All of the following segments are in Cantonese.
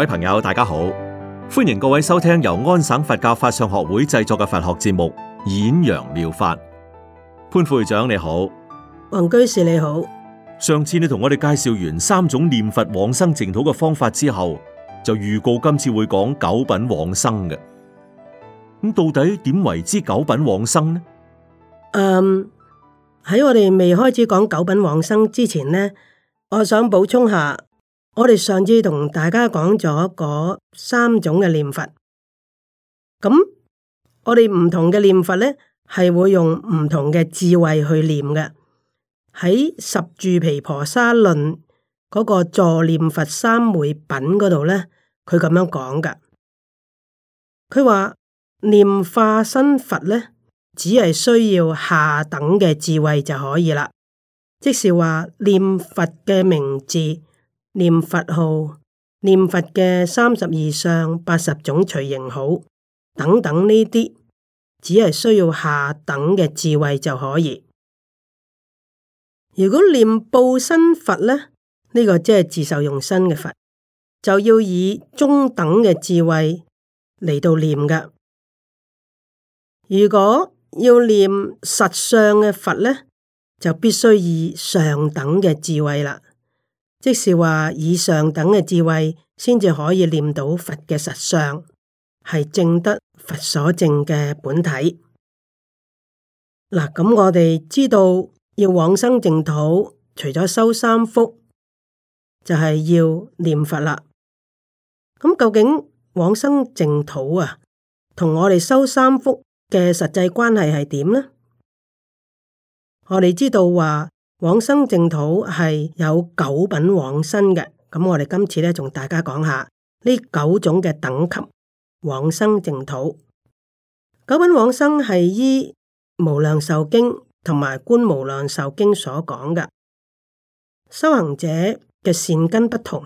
各位朋友，大家好，歡迎各位收聽由安省佛教法相學會製作嘅佛學節目《演揚妙，妙法》。潘副會長你好，王居士你好。上次你同我哋介紹完三種念佛往生淨土嘅方法之後，就預告今次會講九品往生嘅。咁到底點為之九品往生呢？嗯，喺我哋未開始講九品往生之前呢，我想補充下。我哋上次同大家講咗嗰三種嘅念佛，咁我哋唔同嘅念佛咧，係會用唔同嘅智慧去念嘅。喺十住皮婆沙論嗰個助念佛三昧品嗰度咧，佢咁樣講噶。佢話念化身佛咧，只係需要下等嘅智慧就可以啦，即是話念佛嘅名字。念佛號、念佛嘅三十二相八十種隨形好等等呢啲，只係需要下等嘅智慧就可以。如果念報身佛呢，呢、這個即係自受用身嘅佛，就要以中等嘅智慧嚟到念㗎。如果要念實相嘅佛呢，就必須以上等嘅智慧啦。即是話，以上等嘅智慧先至可以念到佛嘅實相，係正得佛所正嘅本體。嗱，咁、嗯、我哋知道要往生淨土，除咗修三福，就係、是、要念佛啦。咁、嗯、究竟往生淨土啊，同我哋修三福嘅實際關係係點呢？我哋知道話。往生淨土係有九品往生嘅，咁我哋今次咧，同大家講下呢九種嘅等級往生淨土。九品往生係依《無量壽經》同埋《觀無量壽經》所講嘅，修行者嘅善根不同，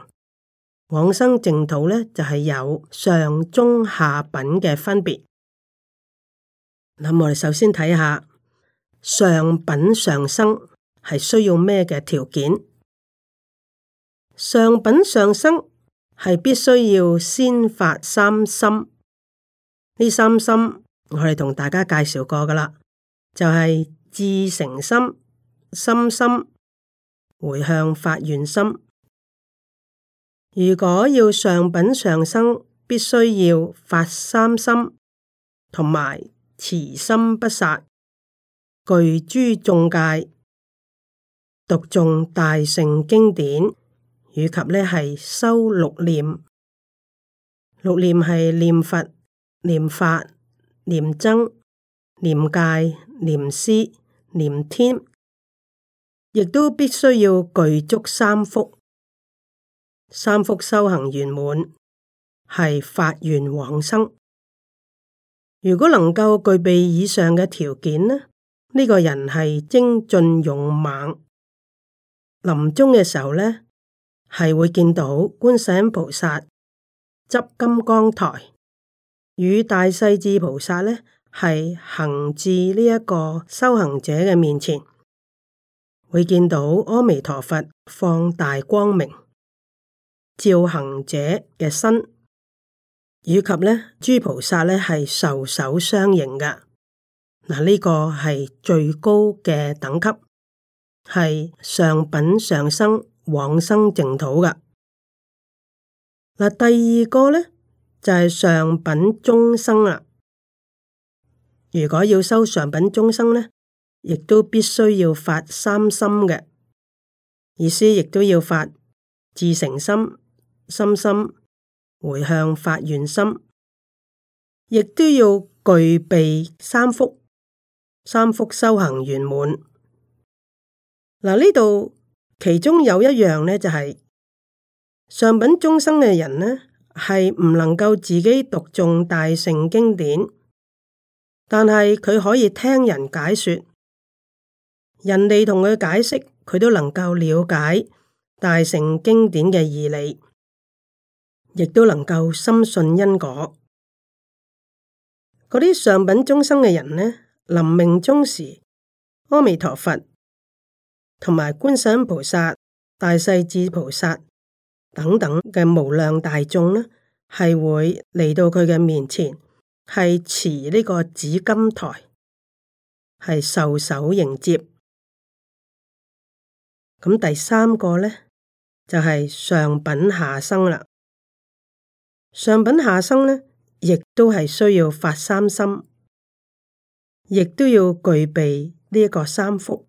往生淨土咧就係、是、有上中下品嘅分別。咁我哋首先睇下上品上生。係需要咩嘅條件？上品上生係必須要先發三心，呢三心我哋同大家介紹過噶啦，就係至誠心、心心回向發願心。如果要上品上生，必須要發三心，同埋慈心不殺，具諸眾戒，讀誦大乘經典，以及呢係修六念。六念係念佛、念法、念僧、念戒、念施、念天，亦都必須要具足三福。三福修行圓滿係法緣往生。如果能夠具備以上嘅條件呢？呢、這個人係精進勇猛。臨終嘅時候呢，係會見到觀世音菩薩執金剛台，與大勢至菩薩呢係行至呢一個修行者嘅面前，會見到阿彌陀佛放大光明，照行者嘅身，以及呢，諸菩薩呢係授手相迎嘅。嗱，呢個係最高嘅等級。係上品上生往生淨土噶嗱，第二個呢，就係、是、上品中生啊。如果要修上品中生呢，亦都必須要發三心嘅意思，亦都要發至誠心、深心回向發願心，亦都要具備三福，三福修行圓滿。嗱，呢度其中有一樣呢，就係上品中生嘅人呢，係唔能夠自己讀誦大乘經典，但係佢可以聽人解說，人哋同佢解釋，佢都能夠了解大乘經典嘅義理，亦都能夠深信因果。嗰啲上品中生嘅人呢，臨命終時，阿彌陀佛，同埋觀世音菩薩、大勢至菩薩等等嘅無量大眾呢，係會嚟到佢嘅面前，係持呢個紫金台，係授手迎接。咁第三個呢，就係、是、上品下生啦。上品下生呢，亦都係需要發三心，亦都要具備呢一個三福。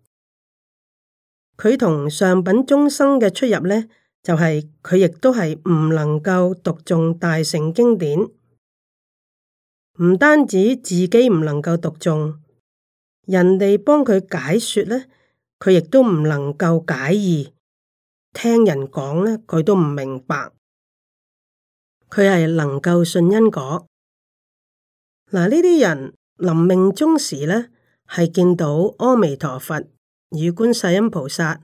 佢同上品眾生嘅出入呢，就係、是、佢亦都係唔能夠讀誦大乘經典，唔單止自己唔能夠讀誦，人哋幫佢解說呢，佢亦都唔能夠解義，聽人講呢，佢都唔明白。佢係能夠信因果。嗱，呢啲人臨命終時呢，係見到阿彌陀佛。與觀世音菩薩、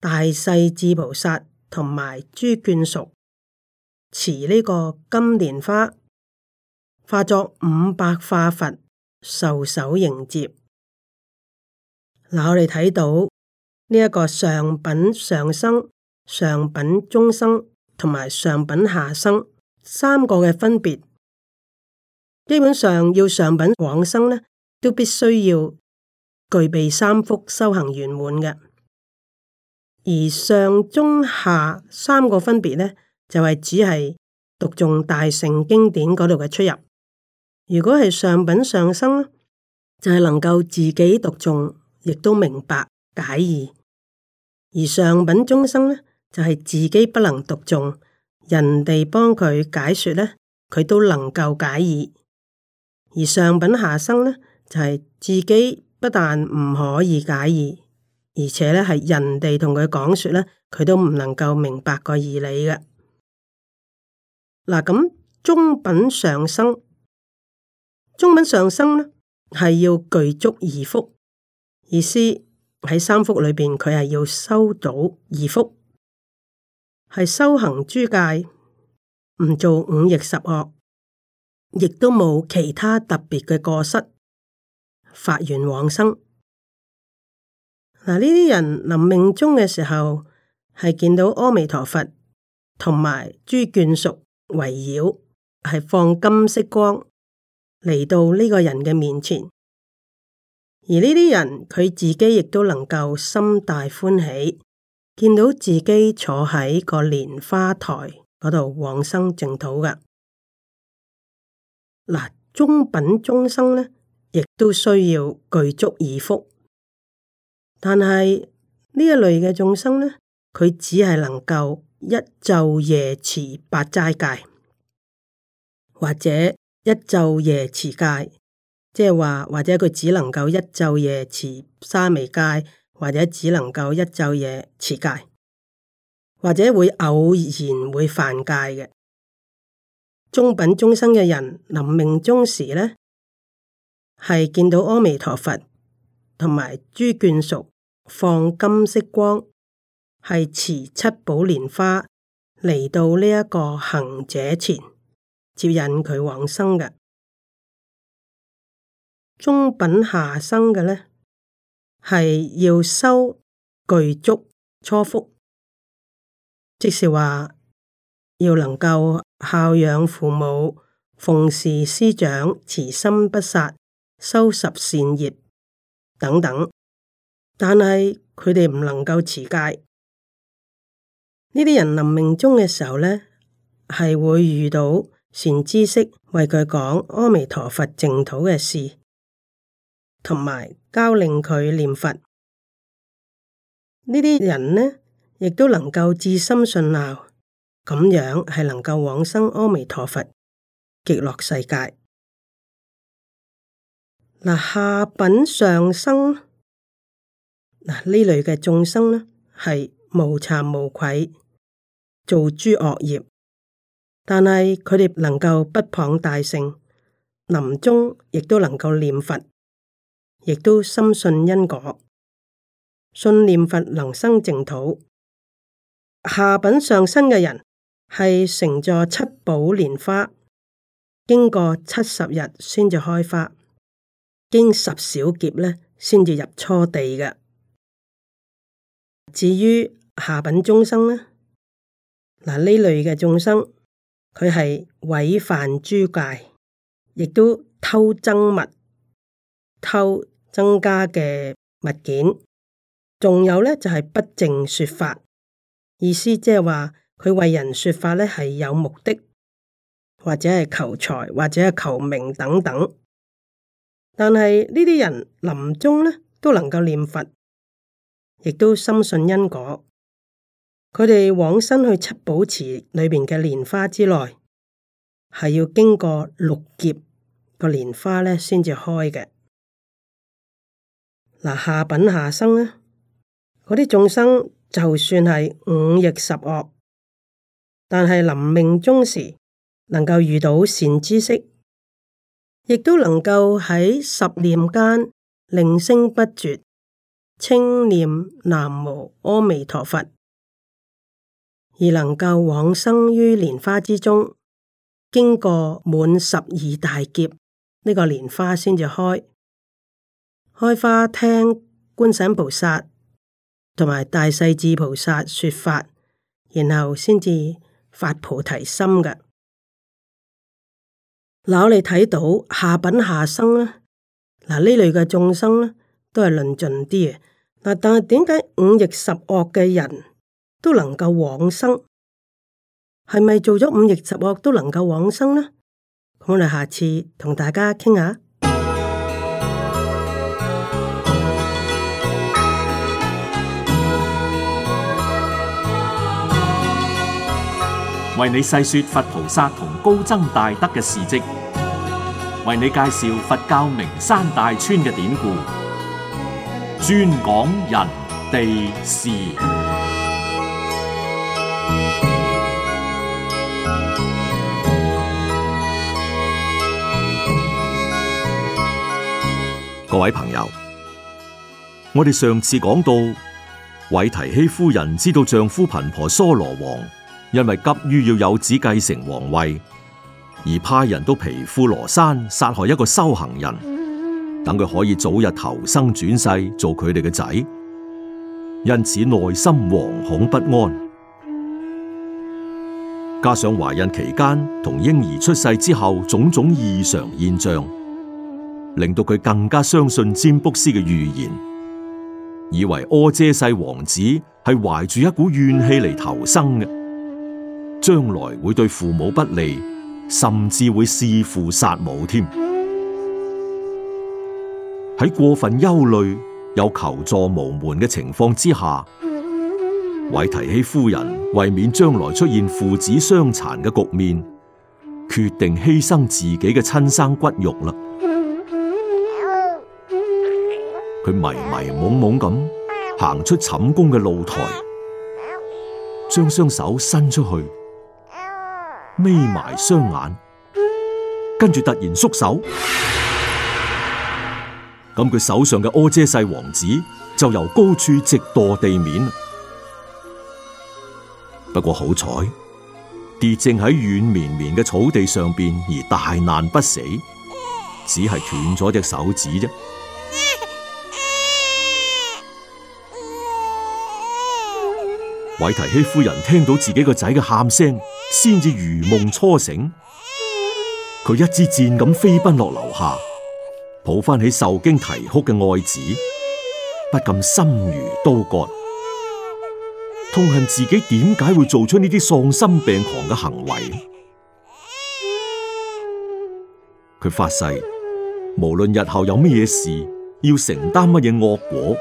大勢至菩薩同埋諸眷屬持呢個金蓮花，化作五百化佛，授手迎接。嗱，我哋睇到呢一個上品上生、上品中生同埋上品下生三個嘅分別，基本上要上品往生呢，都必須要。具備三福修行圓滿嘅，而上中下三個分別呢，就係、是、只係讀誦大乘經典嗰度嘅出入。如果係上品上生呢，就係、是、能夠自己讀誦，亦都明白解義；而上品中生呢，就係、是、自己不能讀誦，人哋幫佢解說呢，佢都能夠解義；而上品下生呢，就係、是、自己。但不但唔可以解義，而且咧係人哋同佢講說咧，佢都唔能夠明白個義理嘅。嗱、啊、咁中品上生，中品上生咧係要具足二福，意思喺三福裏邊，佢係要修到二福，係修行諸戒，唔做五逆十惡，亦都冇其他特別嘅過失。發願往生，嗱、呢啲人臨命終嘅時候係見到阿彌陀佛同埋諸眷屬圍繞，係放金色光嚟到呢個人嘅面前，而呢啲人佢自己亦都能夠心大歡喜，見到自己坐喺個蓮花台嗰度往生淨土噶。嗱、中品中生咧。亦都需要具足二福，但係呢一類嘅眾生呢，佢只係能夠一晝夜持八齋戒，或者一晝夜持戒，即係話或者佢只能夠一晝夜持沙彌戒，或者只能夠一晝夜持戒，或者會偶然會犯戒嘅中品中生嘅人，臨命終時呢。係見到阿彌陀佛同埋諸眷屬放金色光，係持七寶蓮花嚟到呢一個行者前，接引佢往生嘅。中品下生嘅咧，係要收具足初福，即是話要能夠孝養父母，奉事師長，慈心不殺。收拾善業等等，但係佢哋唔能夠持戒。呢啲人臨命終嘅時候呢，係會遇到善知識為佢講阿彌陀佛淨土嘅事，同埋教令佢念佛。呢啲人呢，亦都能夠至心信受，咁樣係能夠往生阿彌陀佛極樂世界。下品上生，呢類嘅眾生呢，係無慚無愧做諸惡業，但係佢哋能夠不傍大聖，臨終亦都能夠念佛，亦都深信因果，信念佛能生淨土。下品上生嘅人係乘坐七寶蓮花，經過七十日先至開花。經十小劫咧，先至入初地嘅。至於下品眾生咧，嗱，呢類嘅眾生，佢係違犯諸戒，亦都偷僧物、偷增加嘅物件，仲有咧就係、是、不正說法，意思即係話佢為人說法咧係有目的，或者係求財，或者係求名等等。但係呢啲人臨終咧都能夠念佛，亦都深信因果。佢哋往生去七寶池裏邊嘅蓮花之內，係要經過六劫個蓮花咧先至開嘅。嗱，下品下生咧，嗰啲眾生就算係五逆十惡，但係臨命終時能夠遇到善知識。亦都能夠喺十念間令聲不絕，稱念南無阿彌陀佛，而能夠往生於蓮花之中，經過滿十二大劫，呢、這個蓮花先至開，開花，聽觀世音菩薩同埋大勢至菩薩說法，然後先至發菩提心嘅。睇到下品下生啦，嗱，呢類嘅眾生呢，都係論盡啲嘅。嗱，但係點解五逆十惡嘅人都能夠往生？係咪做咗五逆十惡都能夠往生呢？我哋下次同大家傾下，為你細說佛菩薩同。高僧大德嘅事蹟，為你介紹佛教名山大川嘅典故，專講人地事。各位朋友，我哋上次講到，韋提希夫人知道丈夫頻婆娑羅王，因為急於要有子繼承皇位，而派人到皮負羅山殺害一個修行人，等佢可以早日投生轉世做佢哋嘅仔，因此內心惶恐不安。加上懷孕期間同嬰兒出世之後種種異常現象，令到佢更加相信占卜師嘅預言，以為阿闍世王子係懷住一股怨氣嚟投生嘅。將來會對父母不利，甚至會弑父殺母添。喺 過分憂慮，又求助無門嘅情況之下，韋提希夫人為免將來出現父子相殘嘅局面，決定犧牲自己嘅親生骨肉啦。佢 迷迷蒙蒙咁行出寢宮嘅露台，將雙手伸出去。眯埋雙眼，跟住突然縮手，咁佢手上嘅阿闍世王子就由高處直墮地面。不過好彩，跌正喺軟綿綿嘅草地上邊而大難不死，只係斷咗隻手指啫。韋提希夫人聽到自己個仔嘅喊聲，先至如夢初醒。佢一支箭咁飛奔落樓下，抱翻起受驚啼哭嘅愛子，不禁心如刀割，痛恨自己點解會做出呢啲喪心病狂嘅行為。佢發誓，無論日後有乜嘢事，要承擔乜嘢惡果，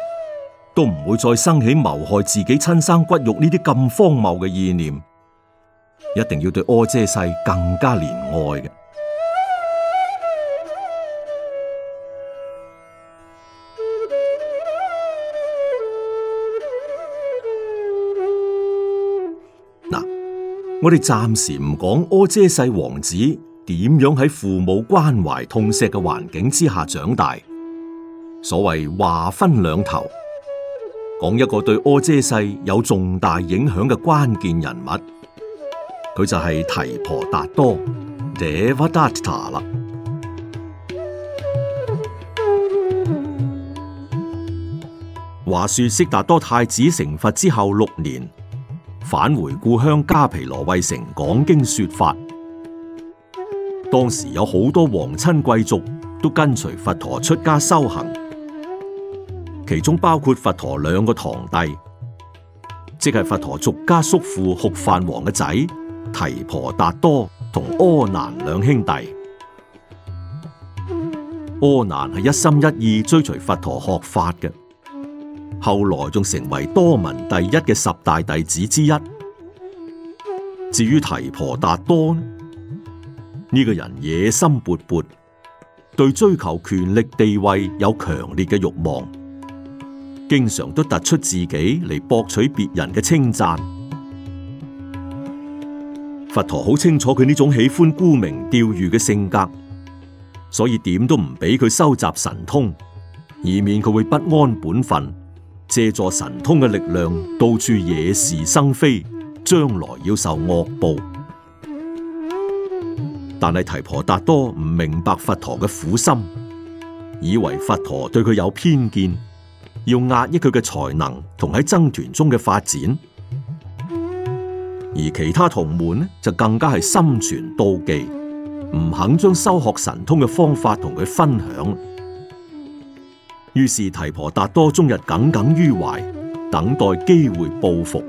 都唔會再生起謀害自己親生骨肉呢啲咁荒謬嘅意念，一定要對阿闍世更加憐愛嘅。嗱，我哋暫時唔講阿闍世王子點樣喺父母關懷痛錫嘅環境之下長大。所謂話分兩頭。講一個對阿闍世有重大影響嘅關鍵人物，佢就係提婆達多，Devadatta 啦。話說悉達多太子成佛之後六年，返回故鄉迦毗羅衛城講經說法，當時有好多皇親貴族都跟隨佛陀出家修行。其中包括佛陀兩個堂弟，即係佛陀俗家叔父斛飯王嘅仔提婆達多同阿難兩兄弟。阿難係一心一意追隨佛陀學法嘅，後來仲成為多聞第一嘅十大弟子之一。至於提婆達多呢？呢、呢個人野心勃勃，對追求權力地位有強烈嘅慾望。經常都突出自己嚟，博取別人嘅稱讚。佛陀好清楚佢呢種喜歡沽名釣譽嘅性格，所以點都唔俾佢收集神通，以免佢會不安本分，借助神通嘅力量到處惹是生非，將來要受惡報。但係提婆達多唔明白佛陀嘅苦心，以為佛陀對佢有偏見。要壓抑佢嘅才能同喺爭團中嘅發展，而其他同門呢就更加係心存妒忌，唔肯將修學神通嘅方法同佢分享於。於是提婆達多終日耿耿於懷，等待機會報復。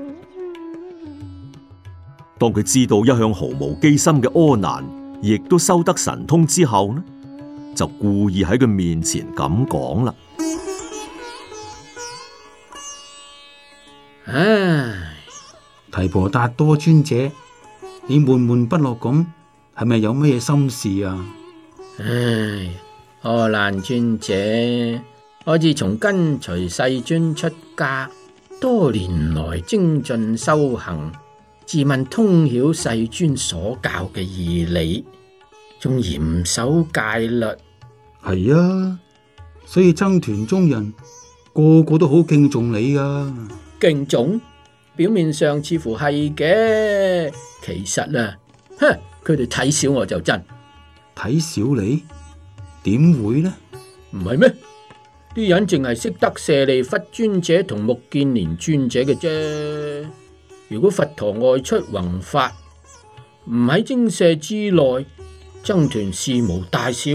當佢知道一向毫無機心嘅阿難亦都修得神通之後呢，就故意喺佢面前咁講啦。唉，提婆達多尊者，你悶悶不樂咁，係咪有咩心事啊？唉，阿難尊者，我自從跟隨世尊出家，多年來精進修行，自問通曉世尊所教嘅義理，仲嚴守戒律，係啊，所以僧團中人個個都好敬重你㗎、啊。敬種表面上似乎係嘅，其實啊，哼，佢哋睇小我就真。睇小你點會呢？唔係咩？啲人淨係識得舍利弗尊者同木建年尊者嘅啫。如果佛陀外出宏法，唔喺精舍之內，僧團事務大小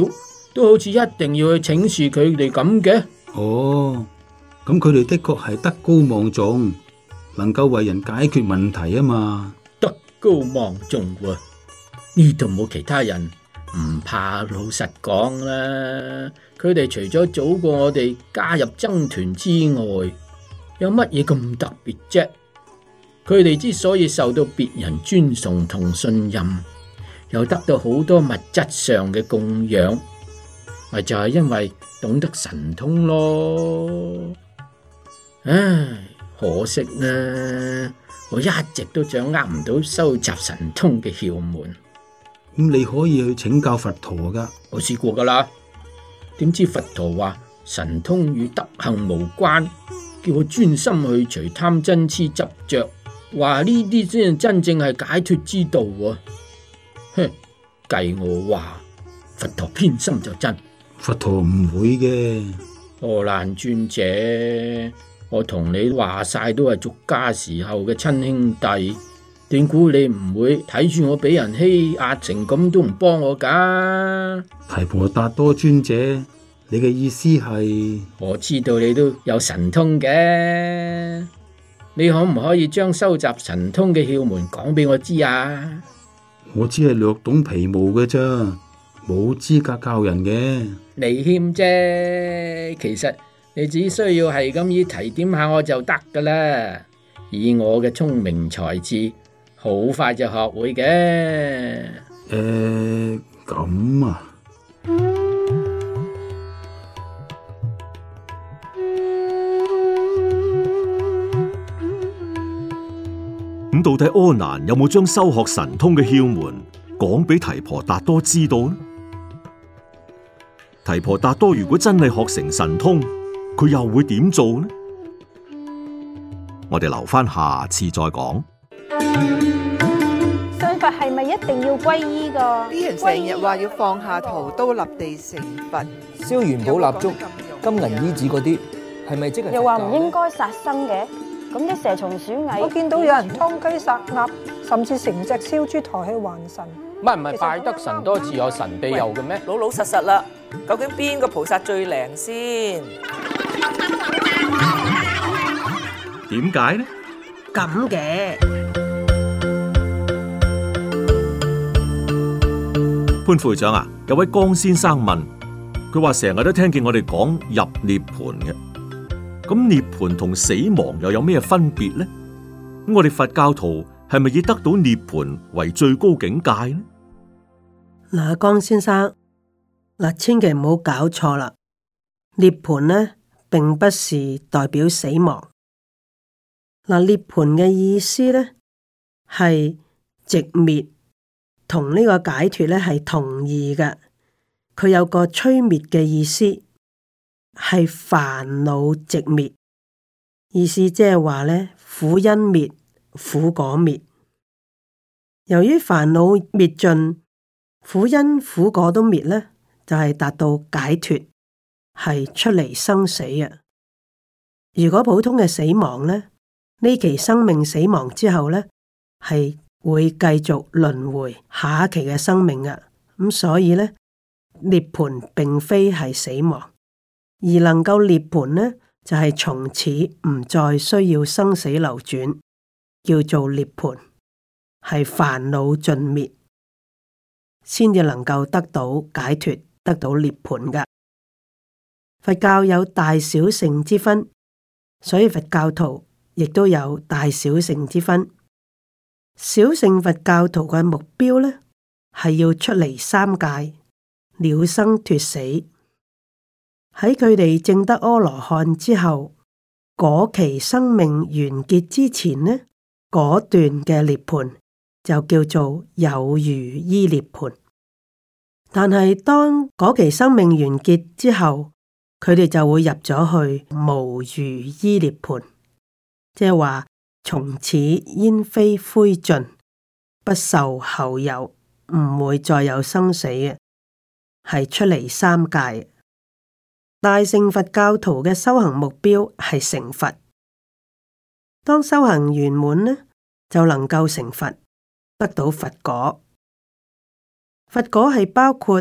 都好似一定要去請示佢哋咁嘅。哦。咁佢哋的確係德高望重，能夠為人解決問題啊嘛！德高望重啊，呢度冇其他人唔怕老實講啦。佢哋除咗早過我哋加入僧團之外，有乜嘢咁特別啫？佢哋之所以受到別人尊崇同信任，又得到好多物質上嘅供養，咪就係因為懂得神通咯。唉，可惜啦，啊，我一直都掌握唔到收集神通嘅竅門。咁你可以去請教佛陀噶我試過噶啦。點知佛陀話神通與德行無關，叫我專心去除貪嗔痴執着，話呢啲先真正係解脫之道，啊。哼，計我話佛陀偏心就真，佛陀唔會嘅，阿難尊者。我同你話晒都係俗家時候嘅親兄弟，斷估你唔會睇住我畀人欺壓成咁都唔幫我噶？提婆達多尊者，你嘅意思係？我知道你都有神通嘅，你可唔可以將收集神通嘅竅門講畀我知啊？我只係略懂皮毛嘅咋，冇資格教人嘅。你謙啫，其實。你只需要係咁意提點下我就得噶啦，以我嘅聰明才智，好快就學會嘅、呃。誒，咁啊？咁、嗯嗯、到底柯南有冇將修學神通嘅竅門講俾提婆達多知道呢？提婆達多如果真係學成神通，佢又會點做呢？我哋留翻下次再講。信佛係咪一定要皈依噶？啲人成日話要放下屠刀立地成佛，燒元寶蠟燭、金銀衣紙嗰啲，係咪即係？又話唔應該殺生嘅，咁啲蛇蟲鼠蟻，我見到有人劏雞殺鴨，甚至成隻燒豬抬去還神，唔係唔係拜得神多自有神庇佑嘅咩？老老實實啦，究竟邊個菩薩最靈先？點解呢？咁嘅潘副會長啊，有位江先生問，佢話成日都聽見我哋講入涅槃嘅，咁涅槃同死亡又有咩分別呢？咁我哋佛教徒係咪以得到涅槃為最高境界呢？嗱，江先生，嗱，千祈唔好搞錯啦，涅槃呢。並不是代表死亡。嗱，涅槃嘅意思呢，係寂滅同呢個解脫咧係同義嘅。佢有個摧滅嘅意思，係煩惱寂滅。意思即係話呢：「苦因滅，苦果滅。由於煩惱滅盡，苦因苦果都滅咧，就係、是、達到解脫。係出嚟生死嘅。如果普通嘅死亡呢，呢期生命死亡之後呢，係會繼續輪迴下一期嘅生命嘅。咁、嗯、所以呢，涅槃並非係死亡，而能夠涅槃呢，就係、是、從此唔再需要生死流轉，叫做涅槃，係煩惱盡滅，先至能夠得到解脫，得到涅槃嘅。佛教有大小乘之分，所以佛教徒亦都有大小乘之分。小乘佛教徒嘅目標咧，係要出離三界，了生脱死。喺佢哋證得阿羅漢之後，嗰期生命完結之前呢，嗰段嘅涅槃就叫做有餘依涅槃。但係當嗰期生命完結之後，佢哋就會入咗去無餘依涅槃，即係話從此煙飛灰盡，不受後有，唔會再有生死嘅，係出嚟三界。大乘佛教徒嘅修行目標係成佛，當修行圓滿呢，就能夠成佛，得到佛果。佛果係包括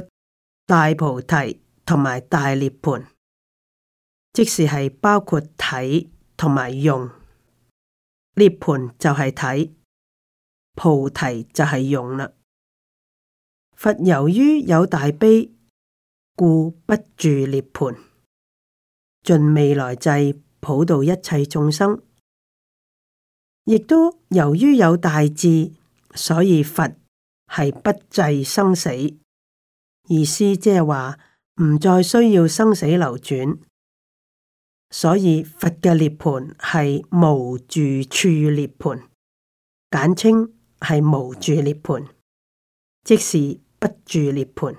大菩提同埋大涅槃。即是係包括體同埋用，涅槃就係體，菩提就係用啦。佛由於有大悲，故不住涅槃，盡未來際普渡一切眾生。亦都由於有大智，所以佛係不制生死，意思即係話唔再需要生死流轉。所以佛嘅涅槃係無住處涅槃，簡稱係無住涅槃，即是不住涅槃。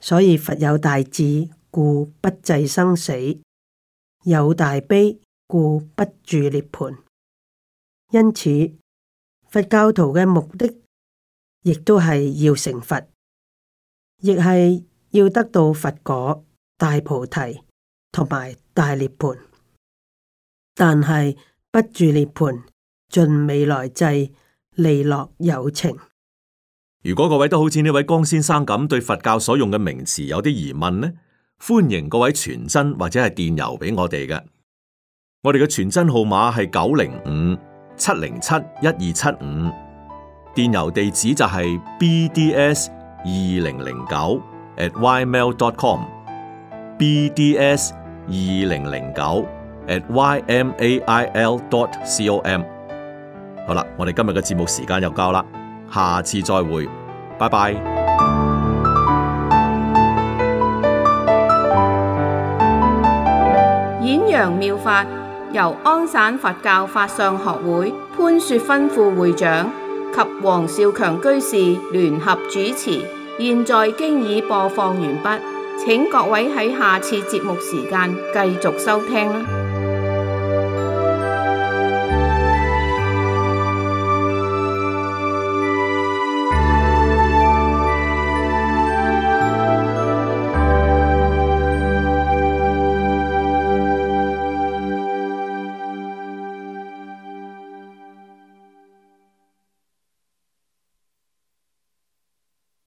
所以佛有大智，故不滯生死；有大悲，故不住涅槃。因此，佛教徒嘅目的亦都係要成佛，亦係要得到佛果大菩提。同埋大涅盤，但係不住涅盤，盡未來際利樂有情。如果各位都好似呢位江先生咁，對佛教所用嘅名詞有啲疑問呢，歡迎各位傳真或者係電郵俾我哋嘅。我哋嘅傳真號碼係九零五七零七一二七五，75, 電郵地址就係 bds 二零零九 atymail.com，bds。二零零九 at y m a i l dot c o m 好啦，我哋今日嘅節目時間又夠啦，下次再會，拜拜。演揚妙法由安省佛教法相學會潘雪芬副會長及黃少強居士聯合主持，現在已經已播放完畢。請各位喺下次節目時間繼續收聽。